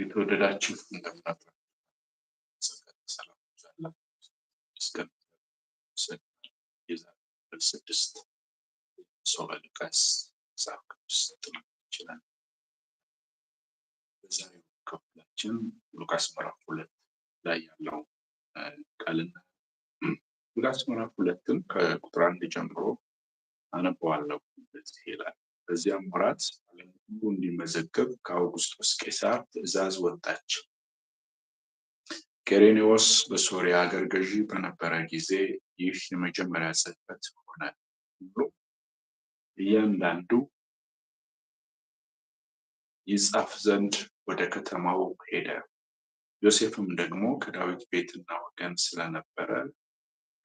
የተወደዳችሁ እንደምናችሁ ሰላም ዛላ የዛሬ ስድስት ሶበ ሉቃስ መጽሐፍ ቅዱስ ጥናት ይችላል። በዛሬው ክፍላችን ሉቃስ ምዕራፍ ሁለት ላይ ያለው ቃልና ሉቃስ ምዕራፍ ሁለትም ከቁጥር አንድ ጀምሮ አነበዋለሁ። እንደዚህ ይላል። በዚያም ወራት ዓለም ሁሉ እንዲመዘገብ ከአውግስጦስ ቄሳር ትእዛዝ ወጣች። ቄሬኔዎስ በሶሪያ አገር ገዢ በነበረ ጊዜ ይህ የመጀመሪያ ጽሕፈት ሆነ። ሁሉም እያንዳንዱ ይጻፍ ዘንድ ወደ ከተማው ሄደ። ዮሴፍም ደግሞ ከዳዊት ቤትና ወገን ስለነበረ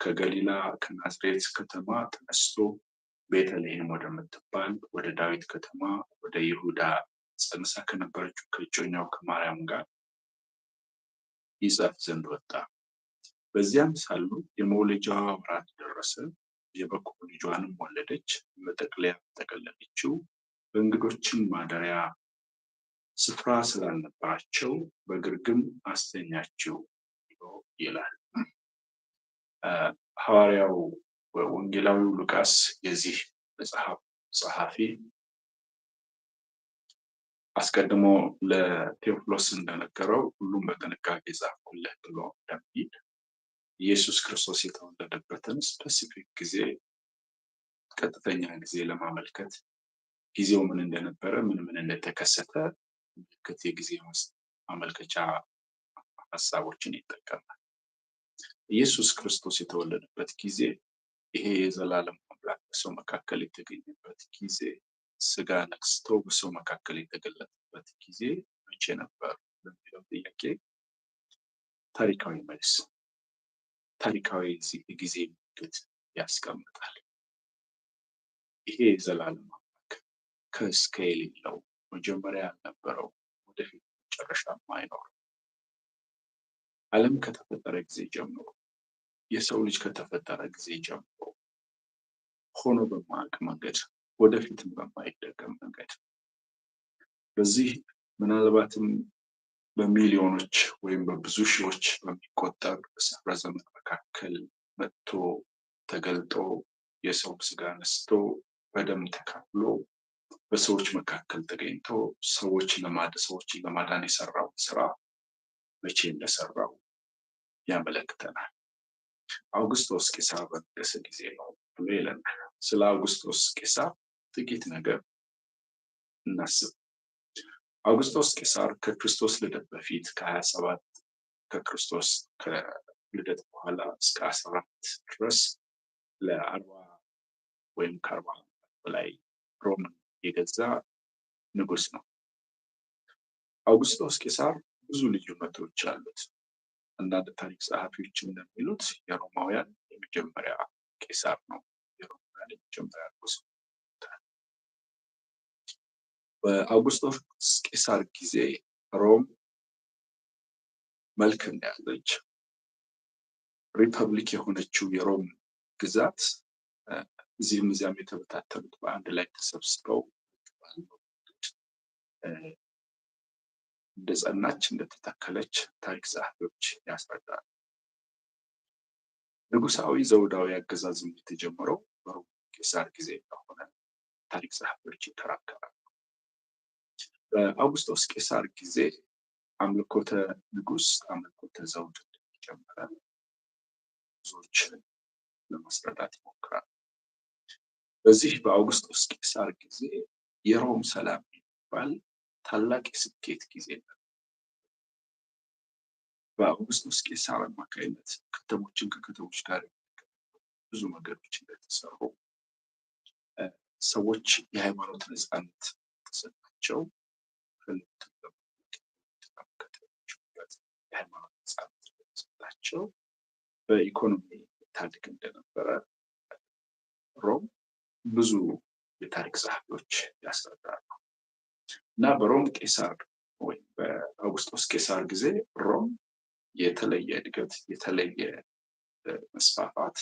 ከገሊላ ከናዝሬት ከተማ ተነስቶ ቤተልሔም ወደምትባል ወደ ዳዊት ከተማ ወደ ይሁዳ ጸንሳ ከነበረችው ከእጮኛው ከማርያም ጋር ይጸፍ ዘንድ ወጣ። በዚያም ሳሉ የመውለጃዋ ወራት ደረሰ። የበኩር ልጇንም ወለደች፣ መጠቅለያ ተጠቀለለችው። በእንግዶችን ማደሪያ ስፍራ ስላልነበራቸው በግርግም አስተኛችው ይላል ሐዋርያው ወንጌላዊ ሉቃስ የዚህ መጽሐፍ ጸሐፊ አስቀድሞ ለቴዎፍሎስ እንደነገረው ሁሉም በጥንቃቄ ጻፍኩልህ ብሎ እንደሚል ኢየሱስ ክርስቶስ የተወለደበትን ስፔሲፊክ ጊዜ ቀጥተኛ ጊዜ ለማመልከት ጊዜው ምን እንደነበረ ምን ምን እንደተከሰተ ምልክት የጊዜ ማመልከቻ ሀሳቦችን ይጠቀማል። ኢየሱስ ክርስቶስ የተወለደበት ጊዜ ይሄ የዘላለም አምላክ በሰው መካከል የተገኘበት ጊዜ ስጋ ነክስቶ በሰው መካከል የተገለጠበት ጊዜ መቼ ነበር ለሚለው ጥያቄ ታሪካዊ መልስ ታሪካዊ ጊዜ ምልክት ያስቀምጣል። ይሄ የዘላለም አምላክ ከእስከ የሌለው መጀመሪያ ያልነበረው ወደፊት መጨረሻ አይኖር ዓለም ከተፈጠረ ጊዜ ጀምሮ የሰው ልጅ ከተፈጠረ ጊዜ ጀምሮ ሆኖ በማያውቅ መንገድ ወደፊትም በማይደገም መንገድ በዚህ ምናልባትም በሚሊዮኖች ወይም በብዙ ሺዎች በሚቆጠር ስፍረ ዘመን መካከል መጥቶ ተገልጦ የሰው ስጋ አነስቶ በደም ተካፍሎ በሰዎች መካከል ተገኝቶ ሰዎች ሰዎችን ለማዳን የሰራው ስራ መቼ እንደሰራው ያመለክተናል። አውግስቶስ ቄሳ በነገሰ ጊዜ ነው ብሎ ይለናል። ስለ አውግስቶስ ቄሳ ጥቂት ነገር እናስብ። አውግስቶስ ቄሳር ከክርስቶስ ልደት በፊት ከ27 ከክርስቶስ ከልደት በኋላ እስከ 14 ድረስ ለአርባ ወይም ከአርባ በላይ ሮም የገዛ ንጉስ ነው። አውግስቶስ ቄሳር ብዙ ልዩነቶች አሉት። አንዳንድ ታሪክ ጸሐፊዎች እንደሚሉት የሮማውያን የመጀመሪያ ቄሳር ነው። የሮማውያን የመጀመሪያ ንጉስ በአውጉስቶስ ቄሳር ጊዜ ሮም መልክ እንደያዘች ሪፐብሊክ የሆነችው የሮም ግዛት እዚህም እዚያም የተበታተኑት በአንድ ላይ ተሰብስበው እንደጸናች እንደተተከለች ታሪክ ጸሐፊዎች ያስረዳሉ። ንጉሳዊ ዘውዳዊ አገዛዝ የተጀመረው በሮም ቄሳር ጊዜ እንደሆነ ታሪክ ጸሐፊዎች ይከራከራሉ። በአውግስጦስ ቄሳር ጊዜ አምልኮተ ንጉሥ አምልኮተ ዘውድ እንደተጀመረ ብዙዎች ለማስረዳት ይሞክራሉ። በዚህ በአውግስጦስ ቄሳር ጊዜ የሮም ሰላም የሚባል ታላቅ የስኬት ጊዜ ነበር። በአውግስጦስ ቄሳር አማካኝነት ከተሞችን ከከተሞች ጋር ብዙ መንገዶች እንደተሰሩ ሰዎች የሃይማኖት ነፃነት ተሰጣቸው። የሃይማኖት ነፃነት ተሰጣቸው። በኢኮኖሚ ታሪክ እንደነበረ ሮም ብዙ የታሪክ ጸሐፊዎች ያስረዳሉ። እና በሮም ቄሳር ወይም በአውግስጦስ ቄሳር ጊዜ ሮም የተለየ እድገት፣ የተለየ መስፋፋት፣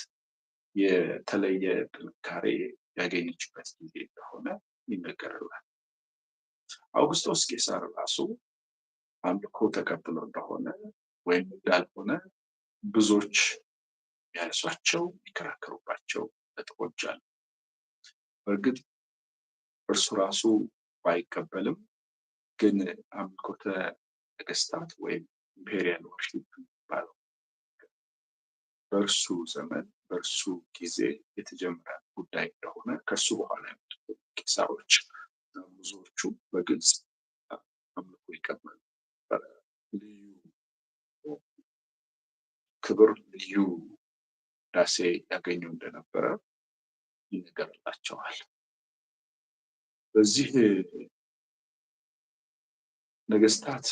የተለየ ጥንካሬ ያገኘችበት ጊዜ እንደሆነ ይነገርላል። አውግስጦስ ቄሳር ራሱ አምልኮ ተቀብሎ እንደሆነ ወይም እንዳልሆነ ብዙዎች የሚያነሷቸው የሚከራከሩባቸው ነጥቦች አሉ። በእርግጥ እርሱ ራሱ ባይቀበልም ግን አምልኮተ ነገስታት ወይም ኢምፔሪያል ወርሺፕ የሚባለው በእርሱ ዘመን በእርሱ ጊዜ የተጀመረ ጉዳይ እንደሆነ ከሱ በኋላ የመጡ ቄሳሮች ብዙዎቹ በግልጽ አምልኮ ይቀበሉ ልዩ ክብር፣ ልዩ ዳሴ ያገኙ እንደነበረ ይነገርላቸዋል። በዚህ ነገስታት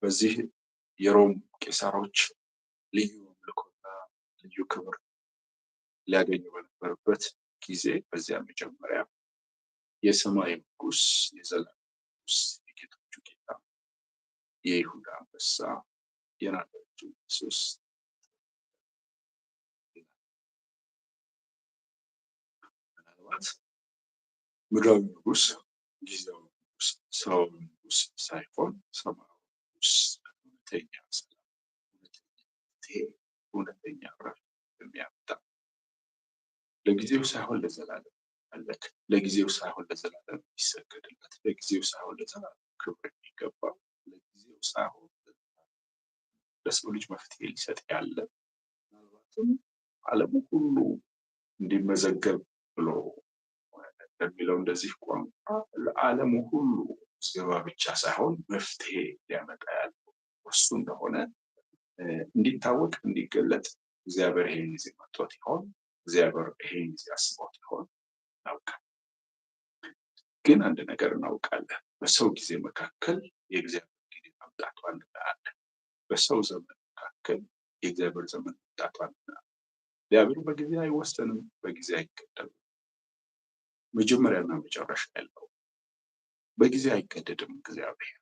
በዚህ የሮም ቄሳሮች ልዩ አምልኮና ልዩ ክብር ሊያገኙ በነበረበት ጊዜ በዚያ መጀመሪያ የሰማይ ንጉስ የዘላለም ንጉስ የጌቶቹ ጌታ የይሁዳ አንበሳ የናዳጁ ኢየሱስ ምናልባት ምድራዊ ንጉስ ጊዜያዊ ንጉስ ሰብአዊ ንጉስ ሳይሆን ሰማያዊ ንጉስ እውነተኛ ሰላም እውነተኛ መፍትሄ እውነተኛ እረፍት የሚያመጣ ለጊዜው ሳይሆን ለዘላለም የሚመለክ ለጊዜው ሳይሆን ለዘላለም የሚሰገድለት ለጊዜው ሳይሆን ለዘላለም ክብር የሚገባው ለጊዜው ሳይሆን ለሰው ልጅ መፍትሄ ሊሰጥ ያለ ምናልባትም ዓለሙ ሁሉ እንዲመዘገብ ብሎ የሚለው እንደዚህ ቆም ለዓለሙ ሁሉ ሲገባ ብቻ ሳይሆን መፍትሄ ሊያመጣ ያለው እሱ እንደሆነ እንዲታወቅ እንዲገለጥ እግዚአብሔር ይሄን ጊዜ መጥቶት ይሆን? እግዚአብሔር ይሄን ጊዜ አስቦት ይሆን? እናውቃለን። ግን አንድ ነገር እናውቃለን፣ በሰው ጊዜ መካከል የእግዚአብሔር ጊዜ መምጣቷን እናያለን። በሰው ዘመን መካከል የእግዚአብሔር ዘመን መምጣቷን እናያለን። እግዚአብሔር በጊዜ አይወሰንም፣ በጊዜ አይገደብም። መጀመሪያና መጨረሻ ያለው በጊዜ አይገደድም። እግዚአብሔር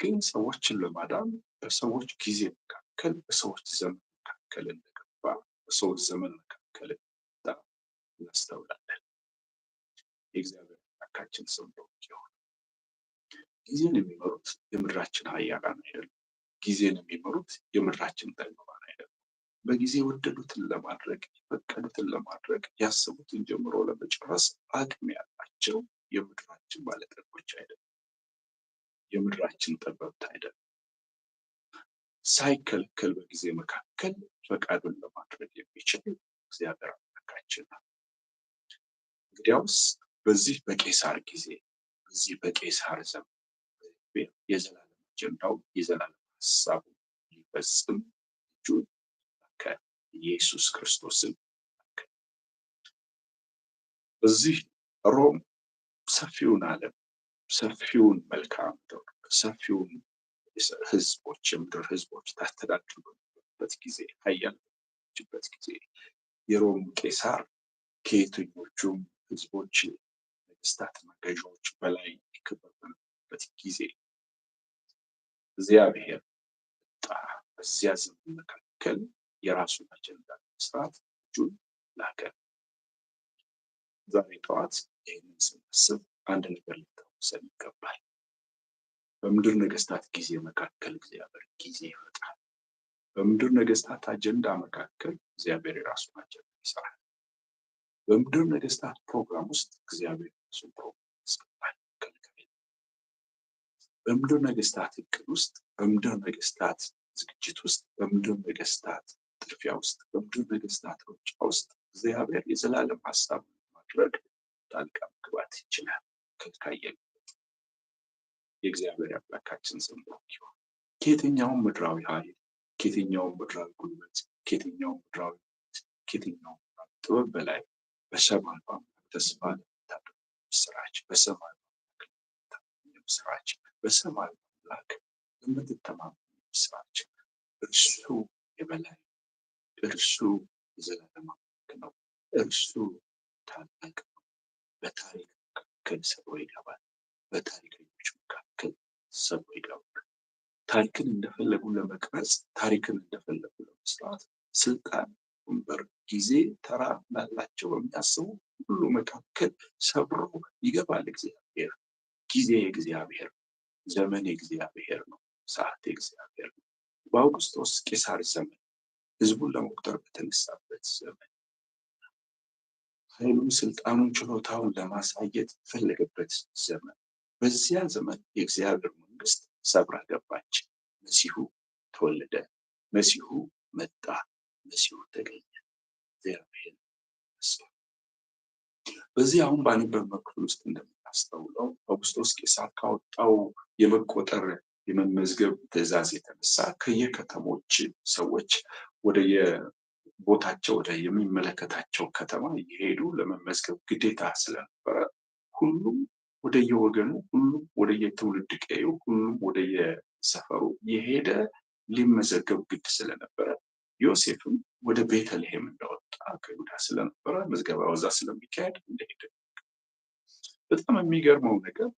ግን ሰዎችን ለማዳን በሰዎች ጊዜ መካከል፣ በሰዎች ዘመን መካከል እንደገባ በሰዎች ዘመን መካከል እንደወጣ እናስተውላለን። የእግዚአብሔር አምላካችን ስም ይሁን። ጊዜን የሚመሩት የምድራችን ኃያላን አይደሉም። ጊዜን የሚመሩት የምድራችን ጠግባ በጊዜ የወደዱትን ለማድረግ የፈቀዱትን ለማድረግ ያሰቡትን ጀምሮ ለመጨረስ አቅም ያላቸው የምድራችን ባለጠጎች አይደለም፣ የምድራችን ጠበብት አይደለም። ሳይከለከል በጊዜ መካከል ፈቃዱን ለማድረግ የሚችል እግዚአብሔር አምላካችን ነው። እንግዲያውስ በዚህ በቄሳር ጊዜ በዚህ በቄሳር ዘመን የዘላለም አጀንዳው የዘላለም ሀሳቡ ሊፈጽም እጁን ኢየሱስ ክርስቶስን በዚህ ሮም ሰፊውን ዓለም ሰፊውን መልክዓ ምድር ሰፊውን ህዝቦች የምድር ህዝቦች ታስተዳድርበት ጊዜ ሀያልበት ጊዜ የሮም ቄሳር ከየትኞቹም ህዝቦች መንግስታትና መገዣዎች በላይ የከበረበት ጊዜ እግዚአብሔር በዚያ ዘመን መካከል የራሱን አጀንዳ ለመስራት እጁን ላከ። ዛሬ ጠዋት ይህንን ስናስብ አንድ ነገር ልታወሰን ይገባል። በምድር ነገስታት ጊዜ መካከል እግዚአብሔር ጊዜ ይፈጥራል። በምድር ነገስታት አጀንዳ መካከል እግዚአብሔር የራሱን አጀንዳ ይሰራል። በምድር ነገስታት ፕሮግራም ውስጥ እግዚአብሔር የራሱን ፕሮግራም ይሰራል። በምድር ነገስታት እቅድ ውስጥ፣ በምድር ነገስታት ዝግጅት ውስጥ፣ በምድር ነገስታት ጥድፊያ ውስጥ በብዙ ነገስታት ሩጫ ውስጥ እግዚአብሔር የዘላለም ሀሳብ ማድረግ ጣልቃ መግባት ይችላል ከተካየለት። የእግዚአብሔር አምላካችን ስም የተባረከ ይሁን። ከየትኛውም ምድራዊ ኃይል፣ ከየትኛውም ምድራዊ ጉልበት፣ ከየትኛውም ምድራዊ ት ከየትኛውም ጥበብ በላይ በሰማይ በአምላክ ተስፋ ለምታደርጉ ምስራች፣ በሰማይ በአምላክ ለምታምኑ ምስራች፣ በሰማይ በአምላክ ለምትተማመኑ ምስራች እርሱ የበላይ እርሱ የዘላለም አምላክ ነው። እርሱ ታላቅ ነው። በታሪክ መካከል ሰብሮ ይገባል። በታሪከኞች መካከል ሰብሮ ይገባል። ታሪክን እንደፈለጉ ለመቅረጽ፣ ታሪክን እንደፈለጉ ለመስራት፣ ስልጣን፣ ወንበር፣ ጊዜ፣ ተራ ላላቸው በሚያስቡ ሁሉ መካከል ሰብሮ ይገባል። እግዚአብሔር ጊዜ የእግዚአብሔር ዘመን የእግዚአብሔር ነው። ሰዓት የእግዚአብሔር ነው። በአውግስጦስ ቄሳር ዘመን ህዝቡን ለመቁጠር በተነሳበት ዘመን ኃይሉን፣ ስልጣኑን፣ ችሎታውን ለማሳየት በፈለገበት ዘመን በዚያ ዘመን የእግዚአብሔር መንግስት ሰብራ ገባች። መሲሁ ተወለደ፣ መሲሁ መጣ፣ መሲሁ ተገኘ። እግዚአብሔር በዚህ አሁን ባነበብነው ክፍል ውስጥ እንደምናስተውለው አውግስጦስ ቄሳር ካወጣው የመቆጠር የመመዝገብ ትእዛዝ የተነሳ ከየከተሞች ሰዎች ወደየቦታቸው የሚመለከታቸው ከተማ እየሄዱ ለመመዝገብ ግዴታ ስለነበረ ሁሉም ወደየወገኑ ሁሉም የትውልድ ቀዩ ሁሉም ወደየሰፈሩ የሄደ ሊመዘገብ ግድ ስለነበረ ዮሴፍም ወደ ቤተልሔም እንደወጣ ከይሁዳ ስለነበረ ምዝገባ ወዛ ስለሚካሄድ እንደሄደ በጣም የሚገርመው ነገር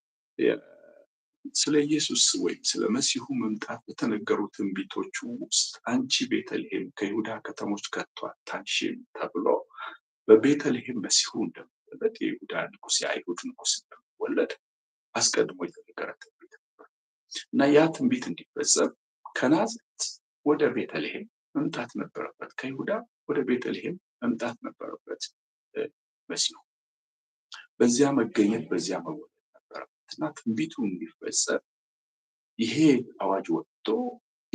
ስለ ኢየሱስ ወይም ስለ መሲሁ መምጣት በተነገሩ ትንቢቶቹ ውስጥ አንቺ ቤተልሔም ከይሁዳ ከተሞች ከቶ አታንሽም ተብሎ በቤተልሔም መሲሁ እንደሚወለድ የይሁዳ ንጉስ የአይሁድ ንጉስ እንደሚወለድ አስቀድሞ የተነገረ ትንቢት ነበር እና ያ ትንቢት እንዲፈጸም ከናዝሬት ወደ ቤተልሔም መምጣት ነበረበት። ከይሁዳ ወደ ቤተልሔም መምጣት ነበረበት መሲሁ በዚያ መገኘት በዚያ መወለድ ትናንትና ትንቢቱ እንዲፈጸም ይሄ አዋጅ ወጥቶ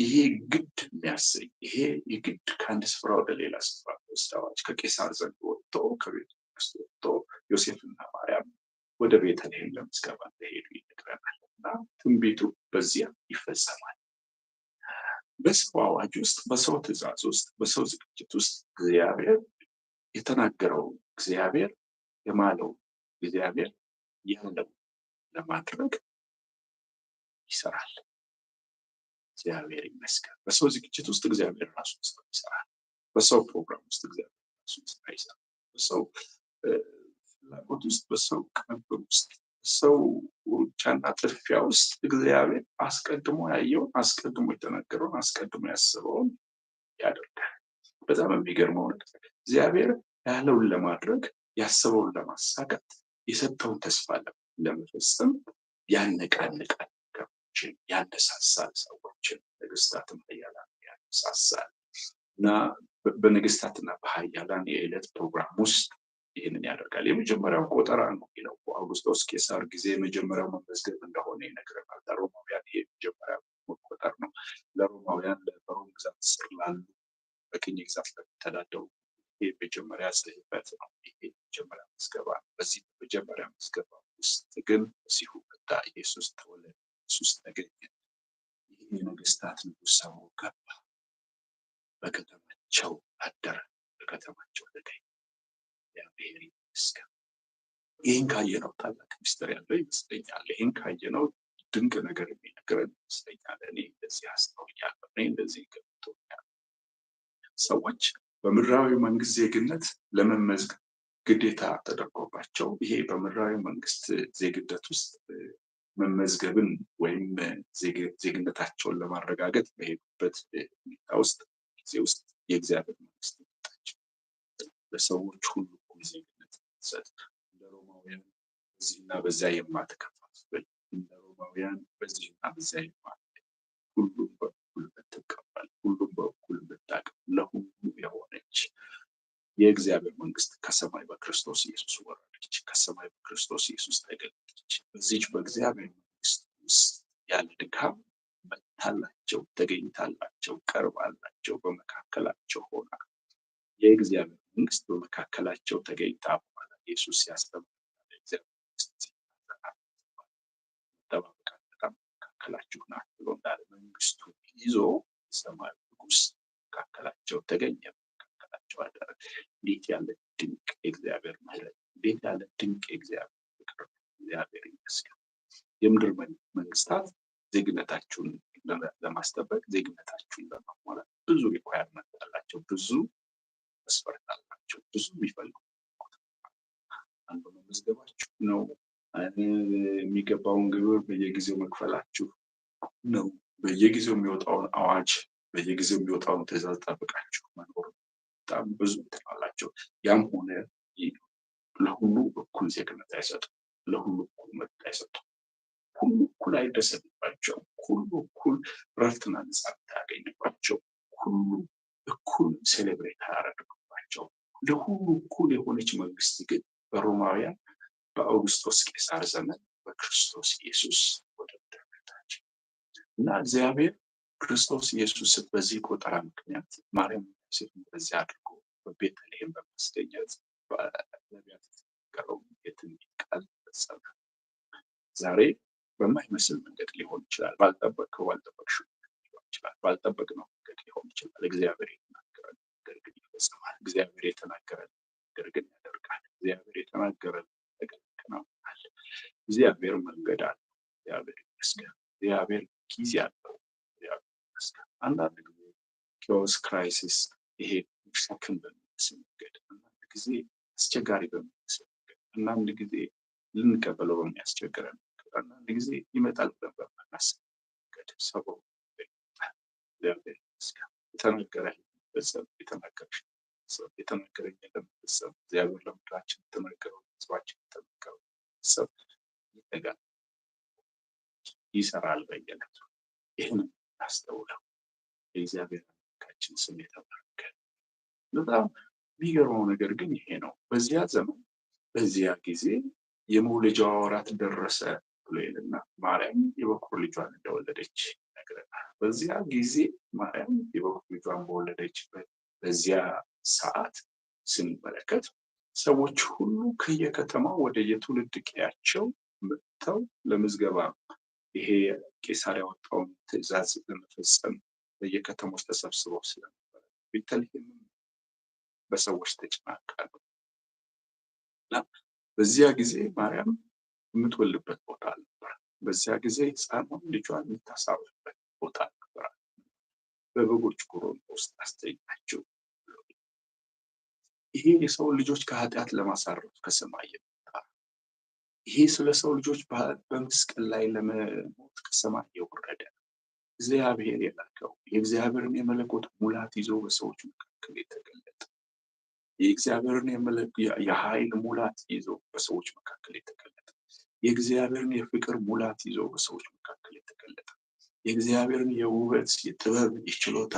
ይሄ ግድ የሚያሰኝ ይሄ የግድ ከአንድ ስፍራ ወደ ሌላ ስፍራ ወስድ አዋጅ ከቄሳር ዘንድ ወጥቶ ከቤተ መንግስት ወጥቶ ዮሴፍና ማርያም ወደ ቤተልሔም ለምዝገባ እንደሄዱ ይነግረናል እና ትንቢቱ በዚያ ይፈጸማል። በሰው አዋጅ ውስጥ በሰው ትእዛዝ ውስጥ በሰው ዝግጅት ውስጥ እግዚአብሔር የተናገረው እግዚአብሔር የማለው እግዚአብሔር ያለው ለማድረግ ይሰራል። እግዚአብሔር ይመስገን። በሰው ዝግጅት ውስጥ እግዚአብሔር ራሱ ይሰራል። በሰው ፕሮግራም ውስጥ እግዚአብሔር ራሱ ይሰራል። በሰው ፍላጎት ውስጥ፣ በሰው ቅንብር ውስጥ፣ በሰው ሩጫና ጥድፊያ ውስጥ እግዚአብሔር አስቀድሞ ያየውን፣ አስቀድሞ የተነገረውን፣ አስቀድሞ ያስበውን ያደርጋል። በጣም የሚገርመው እግዚአብሔር ያለውን ለማድረግ ያስበውን ለማሳካት የሰጠውን ተስፋ ለማ ለመፈጸም ያነቃንቃል፣ ነገሮችን ያነሳሳል፣ ሰዎችን ነገስታትን ሀያላን ያነሳሳል እና በነገስታትና በሀያላን የዕለት ፕሮግራም ውስጥ ይህንን ያደርጋል። የመጀመሪያው ቆጠራ ነው። በአውግስጦስ ቄሳር ጊዜ የመጀመሪያው መመዝገብ እንደሆነ ይነግረናል። ለሮማውያን ይሄ የመጀመሪያ ቆጠር ነው። ለሮማውያን በሮም ግዛት ስር ላሉ በቅኝ ግዛት ለሚተዳደሩ ይሄ መጀመሪያ ጽህፈት ነው። ይሄ መጀመሪያ መዝገባ ነው። በዚህ መጀመሪያ መዝገባ ውስጥ ግን እዚሁ መጣ፣ ኢየሱስ ተወለደ፣ ኢየሱስ ተገኘ፣ ይህ የነገስታት ንጉሥ ሰሞ ገባ፣ በከተማቸው አደረ፣ በከተማቸው ተገኘ። እግዚአብሔር ይመስገን። ይህን ካየነው ታላቅ ሚስጥር ያለው ይመስለኛል። ይህን ካየነው ድንቅ ነገር የሚነግረን ይመስለኛል። እኔ እንደዚህ አስተውያለሁ። እኔ እንደዚህ ገብቶኛል። ሰዎች በምድራዊ መንግስት ዜግነት ለመመዝገብ ግዴታ ተደርጎባቸው ይሄ በምድራዊ መንግስት ዜግነት ውስጥ መመዝገብን ወይም ዜግነታቸውን ለማረጋገጥ በሄዱበት ሁኔታ ውስጥ ጊዜ ውስጥ የእግዚአብሔር መንግስት መጣቸው። ለሰዎች ሁሉ ዜግነት ሰጥ እንደ ሮማውያን በዚህና በዚያ የማትከፋፍል እንደ ሮማውያን በዚህና በዚያ የማት ሁሉም በኩል የምትቀበል ሁሉም በኩል የምታቀፍ ለሁሉ የሆነች የእግዚአብሔር መንግስት ከሰማይ በክርስቶስ ኢየሱስ ወረደች፣ ከሰማይ በክርስቶስ ኢየሱስ ተገለጠች። እዚች በእግዚአብሔር መንግስት ውስጥ ያለ ድካም መታላቸው፣ ተገኝታላቸው፣ ቀርባላቸው፣ በመካከላቸው ሆና የእግዚአብሔር መንግስት በመካከላቸው ተገኝታ በኋላ ኢየሱስ ሲያስተምር በጣም መካከላችሁ ናት ብሎ እንዳለ ይዞ ሰማያዊ ንጉስ መካከላቸው ተገኘ። እንዲሰጣቸው አደረገ። እንዴት ያለ ድንቅ እግዚአብሔር ምሕረት! እንዴት ያለ ድንቅ እግዚአብሔር ፍቅር! እግዚአብሔር ይመስገን። የምድር መንግስታት ዜግነታችሁን ለማስጠበቅ ዜግነታችሁን ለማሟላት ብዙ ሪኳየርመንት አላቸው። ብዙ መስፈርት አላቸው። ብዙ የሚፈልጉ አንዱ መመዝገባችሁ ነው። የሚገባውን ግብር በየጊዜው መክፈላችሁ ነው። በየጊዜው የሚወጣውን አዋጅ በየጊዜው የሚወጣውን ትዕዛዝ ጠብቃችሁ መኖር በጣም ብዙ እንትን አላቸው። ያም ሆነ ለሁሉ እኩል ዜግነት አይሰጡ፣ ለሁሉ እኩል መብት አይሰጡ፣ ሁሉ እኩል አይደሰትባቸው። ሁሉ እኩል ረፍትና ነጻነት አያገኝባቸው። ሁሉ እኩል ሴሌብሬት አያደርግባቸው። ለሁሉ እኩል የሆነች መንግስት ግን በሮማውያን በአውግስቶስ ቄሳር ዘመን በክርስቶስ ኢየሱስ ወደ ምድርነታቸው እና እግዚአብሔር ክርስቶስ ኢየሱስ በዚህ ቆጠራ ምክንያት ማርያም ሴቱን በዚያ አድርጎ በቤተልሔም በማስገኘት በነቢያት የተነገረው የትንቢት ቃል ተፈጸመ። ዛሬ በማይመስል መንገድ ሊሆን ይችላል። ባልጠበቅከው ባልጠበቅሽው ሊሆን ይችላል። ባልጠበቅነው መንገድ ሊሆን ይችላል። እግዚአብሔር የተናገረን ነገር ግን ይፈጽማል። እግዚአብሔር የተናገረን ነገር ግን ያደርጋል። እግዚአብሔር የተናገረን ነገር ይከናወናል። እግዚአብሔር መንገድ አለ። እግዚአብሔር ይመስገን። እግዚአብሔር ጊዜ አለው። እግዚአብሔር ይመስገን። አንዳንድ ጊዜ ኪዮስ ክራይሲስ ይሄ ሸክም በሚመስል መንገድ፣ አንዳንድ ጊዜ አስቸጋሪ በሚመስል መንገድ፣ አንዳንድ ጊዜ ልንቀበለው በሚያስቸግረን መንገድ፣ አንዳንድ ጊዜ ይመጣል ብለን በማናስብ መንገድ ሰው እግዚአብሔር ይመስገን። የተናገረኝ ለመፈጸም የተናገረሽ ለመፈጸም የተናገረኝ ለመፈጸም እግዚአብሔር ለምድራችን የተናገረው ህዝባችን የተናገረው ሰብ ይተጋል ይሰራል በየዕለቱ ይህንን እናስተውለው የእግዚአብሔር በጌታችን ስም የተባረከ። በጣም የሚገርመው ነገር ግን ይሄ ነው። በዚያ ዘመን በዚያ ጊዜ የመውለጃዋ ወራት ደረሰ ብሎ ይልና ማርያም የበኩር ልጇን እንደወለደች ይነግረናል። በዚያ ጊዜ ማርያም የበኩር ልጇን በወለደችበት በዚያ ሰዓት ስንመለከት ሰዎች ሁሉ ከየከተማው ወደ የትውልድ ቀያቸው መጥተው ለምዝገባ ይሄ ቄሳር ያወጣውን ትእዛዝ ለመፈጸም በየከተሞች ተሰብስበው ስለነበረ በተለይም በሰዎች ተጨናንቃ እና በዚያ ጊዜ ማርያም የምትወልበት ቦታ አልነበራትም። በዚያ ጊዜ ሕፃኗን ልጇን የምታሳርፍበት ቦታ አልነበራትም። በበጎች ጉሮሮ ውስጥ አስተኛችው። ይሄ የሰው ልጆች ከኃጢአት ለማሳረፍ ከሰማይ የመጣ ይሄ ስለ ሰው ልጆች በመስቀል ላይ ለመሞት ከሰማይ የወረደ እግዚአብሔር የላከው የእግዚአብሔርን የመለኮት ሙላት ይዞ በሰዎች መካከል የተገለጠ የእግዚአብሔርን የኃይል ሙላት ይዞ በሰዎች መካከል የተገለጠ የእግዚአብሔርን የፍቅር ሙላት ይዞ በሰዎች መካከል የተገለጠ የእግዚአብሔርን የውበት፣ የጥበብ፣ የችሎታ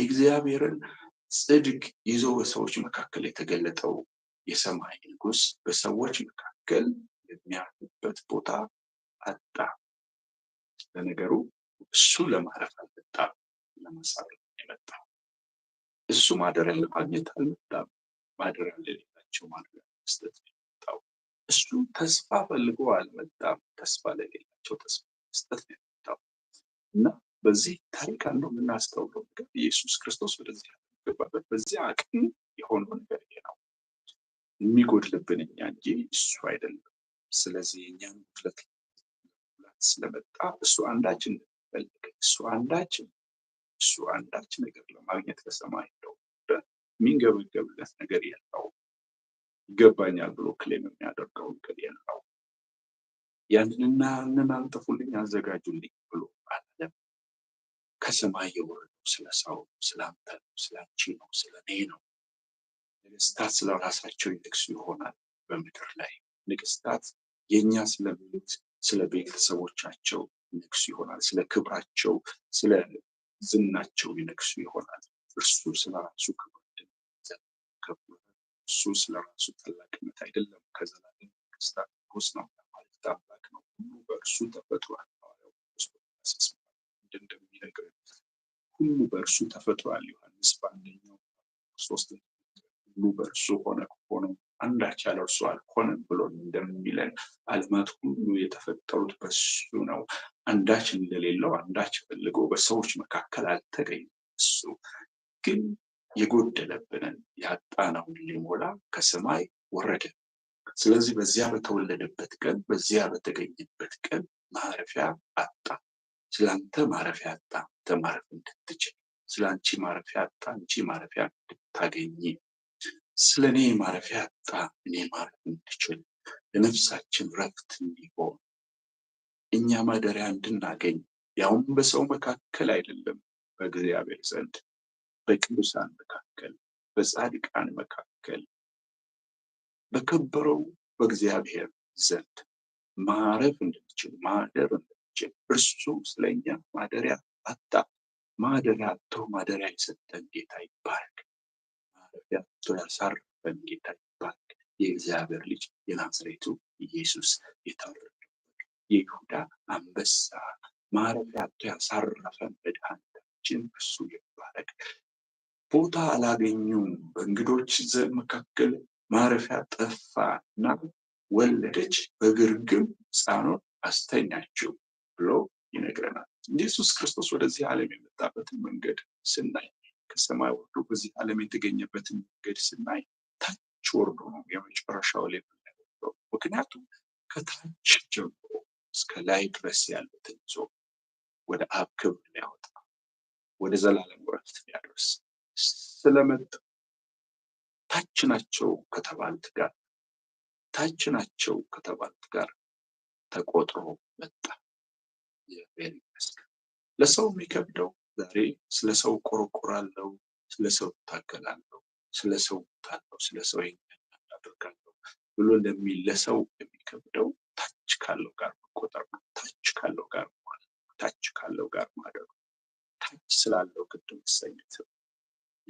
የእግዚአብሔርን ጽድቅ ይዞ በሰዎች መካከል የተገለጠው የሰማይ ንጉስ በሰዎች መካከል የሚያርፍበት ቦታ አጣ። ለነገሩ እሱ ለማረፍ አልመጣም፣ ለማሳረፍ የመጣው እሱ ማደሪያ ለማግኘት አልመጣም። ማደሪያ ለሌላቸው ማደሪያ መስጠት የመጣው እሱ ተስፋ ፈልጎ አልመጣም፣ ተስፋ ለሌላቸው ተስፋ መስጠት ነው የመጣው እና በዚህ ታሪክ አንዱ የምናስተውለው ነገር ኢየሱስ ክርስቶስ ወደዚህ ገባበት። በዚያ አቅም የሆነው ነገር ይሄ ነው። የሚጎድልብን እኛ እንጂ እሱ አይደለም። ስለዚህ እኛን ጉድለት ስለመጣ እሱ አንዳችን እሱ አንዳች እሱ አንዳች ነገር ለማግኘት ከሰማይ እንደወረደ የሚንገበገብለት ነገር የለው ይገባኛል ብሎ ክሌም የሚያደርገው ነገር የለው። ያንንና ያንን አንጥፉልኝ፣ አዘጋጁልኝ ብሎ አለም። ከሰማይ የወረደው ስለ ሰው ስለ አንተ ነው፣ ስለ አንቺ ነው፣ ስለ እኔ ነው። ነገስታት ስለ ራሳቸው ይነግሱ ይሆናል በምድር ላይ ነገስታት የእኛ ስለሚሉት ስለ ቤተሰቦቻቸው ይነግሱ ይሆናል። ስለ ክብራቸው፣ ስለ ዝናቸው ይነግሱ ይሆናል። እርሱ ስለ ራሱ ክብር እሱ ስለ ራሱ ታላቅነት አይደለም። ከዘላለም መንግስታት ንጉስ ነው። ለማለት አምላክ ነው። ሁሉ በእርሱ ተፈጥሯል። እንደሚነግረን ሁሉ በእርሱ ተፈጥሯል። ዮሐንስ በአንደኛው ሶስት ሁሉ በእርሱ ሆነ ሆነው አንዳች ያለ እርሱ አልሆንም ብሎ እንደሚለን አልማት ሁሉ የተፈጠሩት በሱ ነው። አንዳች እንደሌለው አንዳች ፈልጎ በሰዎች መካከል አልተገኘም። እሱ ግን የጎደለብንን ያጣነውን ሊሞላ ከሰማይ ወረደ። ስለዚህ በዚያ በተወለደበት ቀን በዚያ በተገኘበት ቀን ማረፊያ አጣ። ስለአንተ ማረፊያ አጣ፣ ተማረፍ እንድትችል፣ ስለአንቺ ማረፊያ አጣ፣ አንቺ ማረፊያ እንድታገኝ ስለ እኔ ማረፊያ አጣ እኔ ማረፍ እንድችል ለነፍሳችን ረፍት እንዲሆን እኛ ማደሪያ እንድናገኝ ያውም በሰው መካከል አይደለም፣ በእግዚአብሔር ዘንድ በቅዱሳን መካከል በጻድቃን መካከል በከበረው በእግዚአብሔር ዘንድ ማረፍ እንድንችል ማደር እንድንችል እርሱ ስለኛ ማደሪያ አጣ። ማደሪያ አጥቶ ማደሪያ የሰጠን ጌታ ይባረክ። ማረፊያ ዶላሳር ይባል የእግዚአብሔር ልጅ የናዝሬቱ ኢየሱስ የታረደበት የይሁዳ አንበሳ ማረፊያ አጥቶ ያሳረፈን መድኃኒታችን እሱ ይባረክ። ቦታ አላገኙም፣ በእንግዶች መካከል ማረፊያ ጠፋ እና ወለደች፣ በግርግም ሕፃኑን አስተኛችው ብሎ ይነግረናል። ኢየሱስ ክርስቶስ ወደዚህ ዓለም የመጣበትን መንገድ ስናይ ከሰማይ ወርዶ በዚህ ዓለም የተገኘበትን መንገድ ስናይ ታች ወርዶ ነው የመጨረሻው ላይ ምክንያቱም ከታች ጀምሮ እስከ ላይ ድረስ ያሉትን ይዞ ወደ አብ ክብር ሊያወጣ ወደ ዘላለም እረፍት ሊያደርስ ስለመጣ ታች ናቸው ከተባሉት ጋር ታች ናቸው ከተባሉት ጋር ተቆጥሮ መጣ። የቬሪ ለሰው የሚከብደው ዛሬ ስለ ሰው አለው ስለ ሰው አለው ስለ ሰው እሞታለሁ፣ ስለ ሰው ይሄን ብሎ ለሚል ለሰው የሚከብደው ታች ካለው ጋር መቆጠር ነው። ታች ካለው ጋር ታች ካለው ጋር ማደሩ ታች ስላለው ግድ መሰኘት።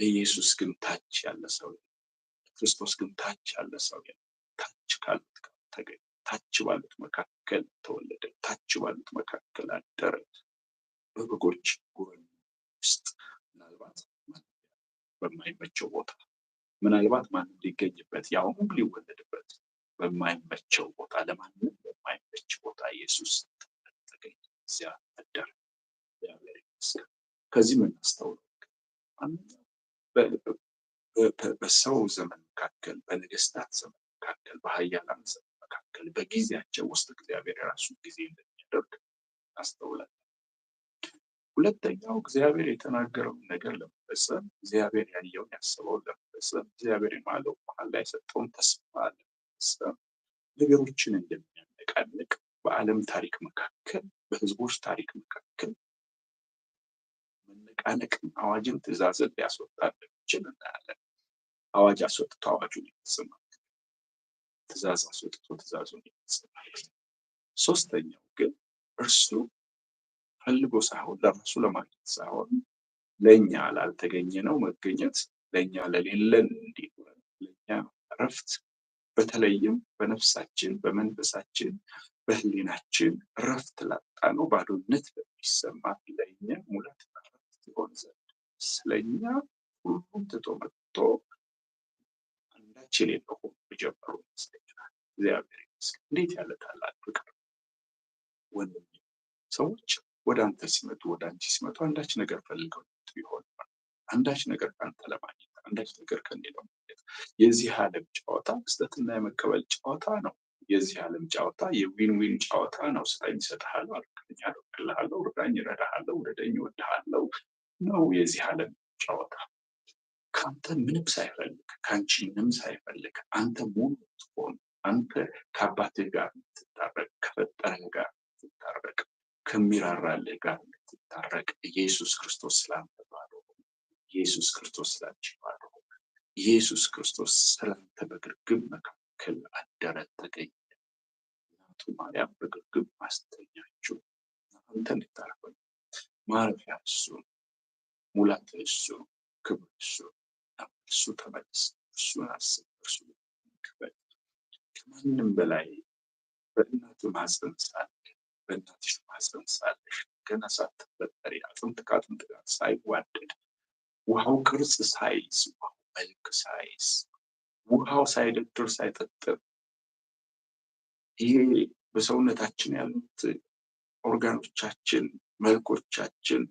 ለኢየሱስ ግን ታች ያለ ሰው ለክርስቶስ ግን ታች ያለ ሰው ታች ካሉት ጋር ተገኘ፣ ታች ባሉት መካከል ተወለደ፣ ታች ባሉት መካከል አደረ በበጎች ጎን ውስጥ ምናልባት በማይመቸው ቦታ ምናልባት ማንም ሊገኝበት ያውም ሊወለድበት በማይመቸው ቦታ ለማንም በማይመች ቦታ ኢየሱስ ተገኝ እዚያ አደረ። ከዚህ የምናስተውለው በሰው ዘመን መካከል፣ በነገስታት ዘመን መካከል፣ በሀያላን ዘመን መካከል በጊዜያቸው ውስጥ እግዚአብሔር የራሱ ጊዜ እንደሚያደርግ አስተውላል ሁለተኛው እግዚአብሔር የተናገረውን ነገር ለመፈጸም እግዚአብሔር ያየውን ያስበውን ለመፈጸም እግዚአብሔር የማለው ቃል ላይ የሰጠውን ተስፋ ለመፈጸም ነገሮችን እንደሚያነቃንቅ በዓለም ታሪክ መካከል በህዝቦች ታሪክ መካከል መነቃነቅን አዋጅን ትእዛዝን ሊያስወጣ እንደሚችል እናያለን። አዋጅ አስወጥቶ አዋጁን ይፈጽማል። ትእዛዝ አስወጥቶ ትእዛዙን ይፈጽማል። ሶስተኛው ግን እርሱ ፈልጎ ሳይሆን ለራሱ ለማግኘት ሳይሆን ለእኛ ላልተገኘ ነው መገኘት ለእኛ ለሌለን እንዲሆን ለእኛ እረፍት በተለይም በነፍሳችን በመንፈሳችን በህሊናችን እረፍት ላጣ ነው ባዶነት በሚሰማ ለእኛ ሙላት እረፍት ይሆን ዘንድ ስለኛ ሁሉም ትቶ መጥቶ አንዳች የሌለው ጀመሩ ይመስለኛል። እግዚአብሔር ይመስገን። እንዴት ያለ ታላቅ ፍቅር ወንድ ሰዎች ወደ አንተ ሲመጡ ወደ አንቺ ሲመጡ አንዳች ነገር ፈልገው ቢሆን አንዳች ነገር ከአንተ ለማግኘት አንዳች ነገር ከእኔ ለማግኘት የዚህ ዓለም ጨዋታ መስጠትና የመቀበል ጨዋታ ነው። የዚህ ዓለም ጨዋታ የዊንዊን ጨዋታ ነው። ስጠኝ እሰጥሃለሁ፣ አልክልኝ አደርግልሃለሁ፣ እርዳኝ እረዳሃለሁ፣ ውደደኝ እወድሃለሁ ነው የዚህ ዓለም ጨዋታ። ከአንተ ምንም ሳይፈልግ ከአንቺ ምንም ሳይፈልግ አንተ ሙሉ ትሆን አንተ ከአባትህ ጋር የምትታረቅ ከፈጠረህ ጋር የምትታረቅ ከሚራራልህ ጋር እንድትታረቅ ኢየሱስ ክርስቶስ ስላንተ ባዶ ኢየሱስ ክርስቶስ ስላንቺ ባዶ ኢየሱስ ክርስቶስ ስላንተ በግርግም መካከል አደረ፣ ተገኘ። እናቱ ማርያም በግርግም አስተኛችው። አንተ እንድታረቅ ማረፊያ እሱ፣ ሙላት እሱ፣ ክብር እሱ። እሱ ተመለስ፣ እሱን አስብ፣ እርሱ ክበል። ከማንም በላይ በእናቱ ማጽን ሳለ በእናትሽ ማህፀን ሳለሽ ገና ሳትፈጠሪ አጥንት ከአጥንት ጋር ሳይዋደድ ውሃው ቅርጽ ሳይዝ ውሃው መልክ ሳይዝ ውሃው ሳይደድር ሳይጠጥር ይሄ በሰውነታችን ያሉት ኦርጋኖቻችን፣ መልኮቻችን፣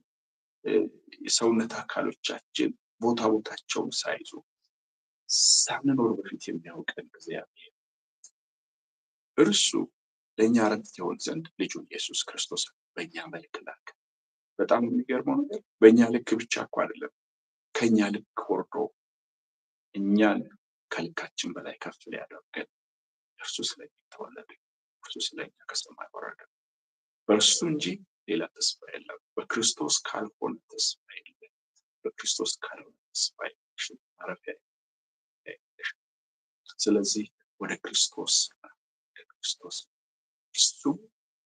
የሰውነት አካሎቻችን ቦታ ቦታቸውን ሳይዙ ሳንኖር በፊት የሚያውቀን እግዚአብሔር እርሱ ለእኛ እረፍት ይሆን ዘንድ ልጁን ኢየሱስ ክርስቶስ በእኛ መልክ ላክ። በጣም የሚገርመው ነገር በእኛ ልክ ብቻ እኮ አይደለም፣ ከእኛ ልክ ወርዶ እኛን ከልካችን በላይ ከፍ ሊያደርገን እርሱ ስለኛ ተወለደ። እርሱ ስለኛ ከሰማይ ወረደ። በእርሱ እንጂ ሌላ ተስፋ የለም። በክርስቶስ ካልሆነ ተስፋ የለም። በክርስቶስ ካልሆነ ተስፋ የለሽም፣ ማረፊያ የለሽም። ስለዚህ ወደ ክርስቶስ ወደ ክርስቶስ እሱም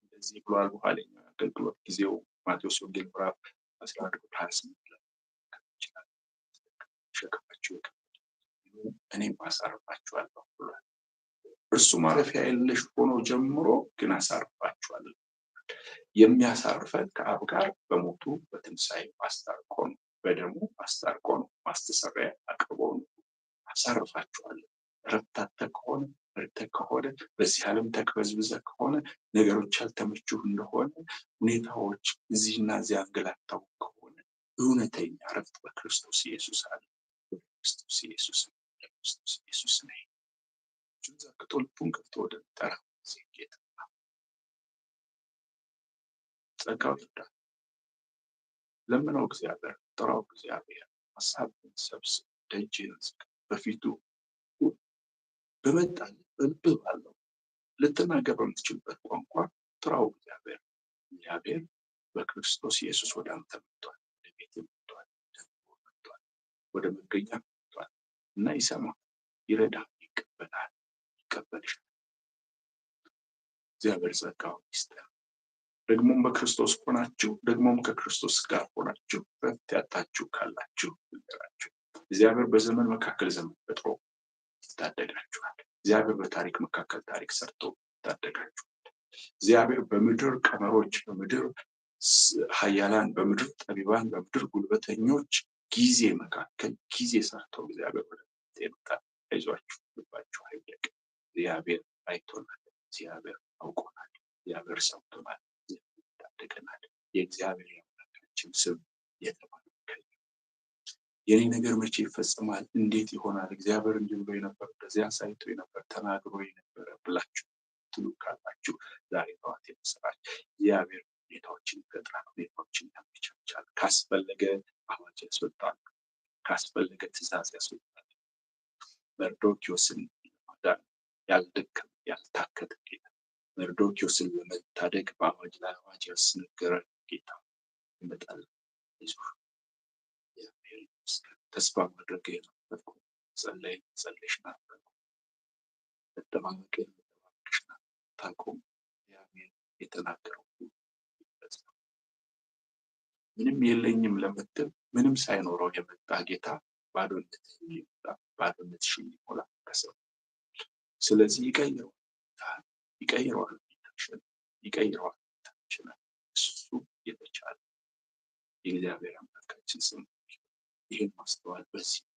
እንደዚህ ብሏል። በኋለኛው አገልግሎት ጊዜው ማቴዎስ ወንጌል ምዕራፍ አስራ አንድ ቁጥር ሀያ ስምንት ላይ ይችላል ሸክማችሁ እኔም አሳርፋችኋለሁ ብሏል። እርሱ ማረፊያ የለሽ ሆኖ ጀምሮ ግን አሳርፋችኋለሁ። የሚያሳርፈን ከአብ ጋር በሞቱ በትንሣኤ ማስታርቆ ነው፣ በደሙ ማስታርቆ ነው፣ ማስተሰሪያ አቅርቦ ነው። አሳርፋችኋለሁ ረብታተ ከሆነ ረድተህ ከሆነ በዚህ ዓለም ተቅበዝብዘ ከሆነ ነገሮች ያልተመቹህ እንደሆነ ሁኔታዎች እዚህና እዚያ አንገላታው ከሆነ እውነተኛ እረፍት በክርስቶስ ኢየሱስ አለ። በክርስቶስ ኢየሱስ በክርስቶስ ኢየሱስ ነ እጁን ዘርግቶ ልቡን ከፍቶ ወደሚጠራህ ጌታ ጸጋው ይርዳል። ለምነው እግዚአብሔር፣ ጥራው እግዚአብሔር፣ ሀሳብን ሰብስብ፣ ደጅህን ዝጋ በፊቱ በመጣል በልብ ባለው ልትናገር በምትችልበት ቋንቋ ጥራው። እግዚአብሔር እግዚአብሔር በክርስቶስ ኢየሱስ ወደ አንተ መጥቷል፣ ወደ ቤት መጥቷል፣ ደግሞ መጥቷል፣ ወደ መገኛ መጥቷል እና ይሰማ፣ ይረዳ፣ ይቀበላል፣ ይቀበልሻል። እግዚአብሔር ጸጋው ይስጠን። ደግሞም በክርስቶስ ሆናችሁ ደግሞም ከክርስቶስ ጋር ሆናችሁ ረፍት ያጣችሁ ካላችሁ ንገራችሁ። እግዚአብሔር በዘመን መካከል ዘመን ፈጥሮ ይታደጋችኋል። እግዚአብሔር በታሪክ መካከል ታሪክ ሰርቶ ይታደጋችኋል። እግዚአብሔር በምድር ቀመሮች፣ በምድር ኃያላን፣ በምድር ጠቢባን፣ በምድር ጉልበተኞች ጊዜ መካከል ጊዜ ሰርተው እግዚአብሔር ወደ ይመጣል። አይዟችሁ፣ ልባችሁ አይደቅ። እግዚአብሔር አይቶናል። እግዚአብሔር አውቆናል። እግዚአብሔር ሰምቶናል። እግዚአብሔር ይታደገናል። የእግዚአብሔር የአምላካችን ስም የተባ የኔ ነገር መቼ ይፈጸማል? እንዴት ይሆናል? እግዚአብሔር እንዲህ ብሎ የነበር እንደዚህ አሳይቶኝ ነበር ተናግሮ የነበረ ብላችሁ ትሉ ካላችሁ ዛሬ ጠዋት የምስራች እግዚአብሔር ሁኔታዎችን ይፈጥራል፣ ሁኔታዎችን ያመቻቻል። ካስፈለገ አዋጅ ያስወጣል፣ ካስፈለገ ትእዛዝ ያስወጣል። መርዶኪዎስን ለማዳን ያልደከም ያልታከተ ጌታ፣ መርዶኪዎስን ለመታደግ በአዋጅ ላይ አዋጅ ያስነገረ ጌታ ይመጣል ይዙር ተስፋ ማድረግ የነበርኩ ጸለይ ጸለሽ ነበርኩ መደማመቅ የመደማመቅሽ ታቁም የአሜን የተናገረው ምንም የለኝም ለምትል ምንም ሳይኖረው የመጣ ጌታ ባዶነት የሚሞላ ባዶነት ሽ የሚሞላ ከሰው ስለዚህ ይቀይረዋል ይቀይረዋል ይቀይረዋል ይችላል እሱ የተቻለ የእግዚአብሔር አምላካችን ስም de assim.